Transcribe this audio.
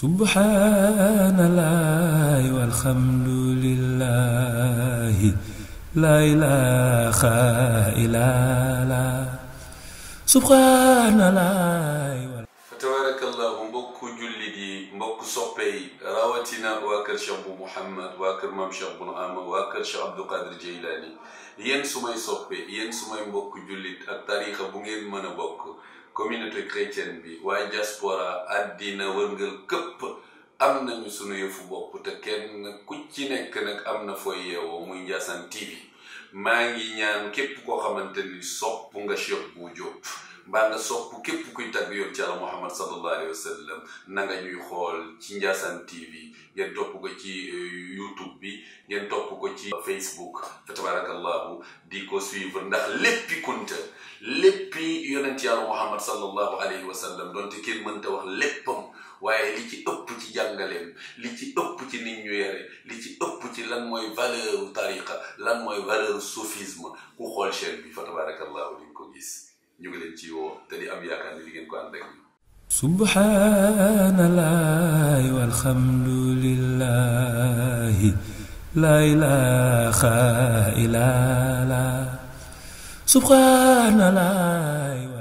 سبحان الله والحمد لله لا إله إلا الله سبحان الله تبارك الله mbokk mbokk soppe yi rawatina waa kër Cheikh bu Mouhammad waa kër maam Cheikh bun Ama waa kër Cheikh Abdou Qadir Jeylaani yéen sumay soppe yéen sumay mbokk jullit ak tarixa bu ngeen mën a bokk communauté chrétienne bi waa diaspora àddina wërngal këpp am nañu sunu yëfu bokk te kenn ku ci nekk nag am na fooy yeewoo mu Ndiassane TV maa ngi ñaan képp koo xamante ni sopp nga Cheikh bu Diop mbaa nga sopp képp kuy tagg yoon ci Yàlla Muhammad sallallahu alayhi wa sallam na nga ñuy xool ci Ndiassane TV ngeen topp ko ci euh, YouTube bi ngeen topp ko ci Facebook fa tabarakallahu di ko suivre ndax léppi kunta léppi yonent Yàlla Muhammad sallallahu alayhi wa sallam donte kenn mënta wax léppam waaye li ci ëpp ci jàngaleem li ci ëpp ci nit yare li ci ëpp ci lan mooy valeur tariqa lan mooy valeur soufisme ku xool chaîne bi fa tabarakallahu di nga ko gis ñu ngi leen ci woo te di am yaakaar ni di ngeen ko ànd ak ñu subhanallah walhamdulillah la ilaha illallah subhanallah